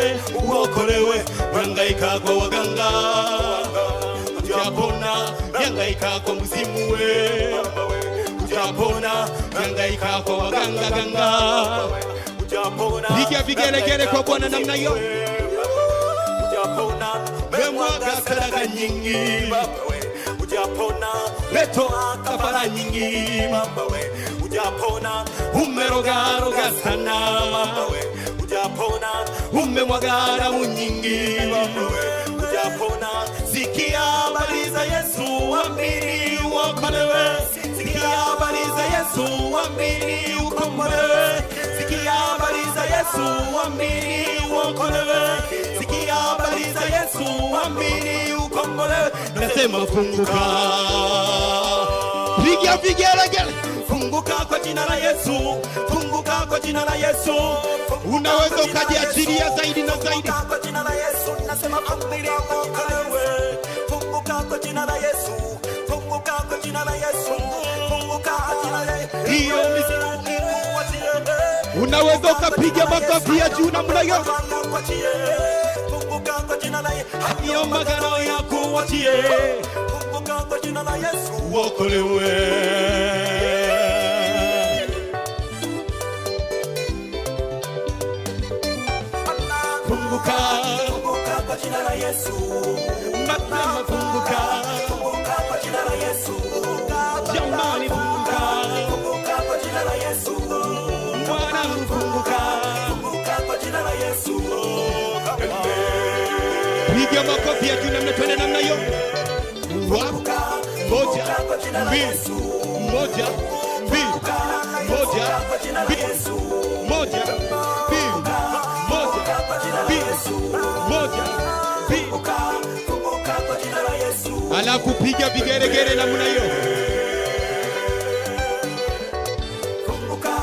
ukombe uokolewe uyangaika kwa waganga kujapona yangaika kwa mzimu we kujapona yangaika kwa waganga ganga piga vigelegele kwa Bwana namna hiyo memwaga sadaka nyingi ujapona kafara nyingi ujapona umerogaroga sana mama we ujapona umemwaga damu nyingi, ujapona Sikia habari za Yesu, amini uokolewe. Yesu, Yesu, Yesu, Nasema funguka, piga vigelegele funguka kwa jina la Yesu, funguka kwa jina la Yesu. Unaweza ukajiachilia zaidi na zaidi kwa jina la Yesu. Ninasema familia mwokolewe, funguka kwa jina la Yesu, funguka kwa jina la Yesu, funguka kwa jina la Yesu. Hiyo unaweza ukapiga makofi ya juu namna hiyo hayo magano yakuwachie, kumbuka kwa jina la Yesu, wokolewe. kumbuka kumbuka kwa jina la Yesu mapema kumbuka kumbuka kwa jina la Yesu jamani funguka kumbuka kwa jina la Yesu Bwana kumbuka kumbuka kwa jina la Yesu piga makofi ya juu namna tuende namna hiyo moja yesu moja mbili moja mbili moja Yesu. Moja, kumbuka, kumbuka kwa jina la Yesu. Alafu piga vigeregere namna hiyo. Kumbuka,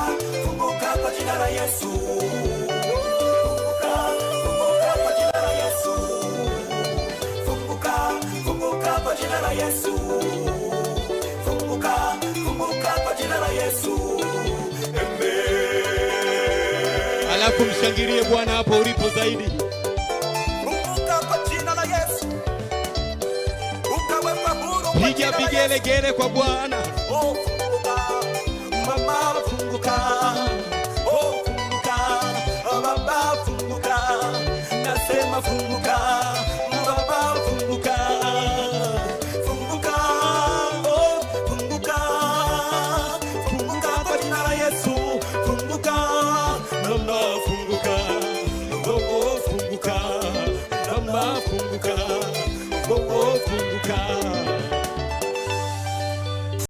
kumbuka kwa jina la Yesu. Alafu mshangilie Bwana hapo ulipo zaidi. piga vigelegele kwa Bwana. Oh, funguka oh, Yesu, funguka funguka oh, oh, funguka oh,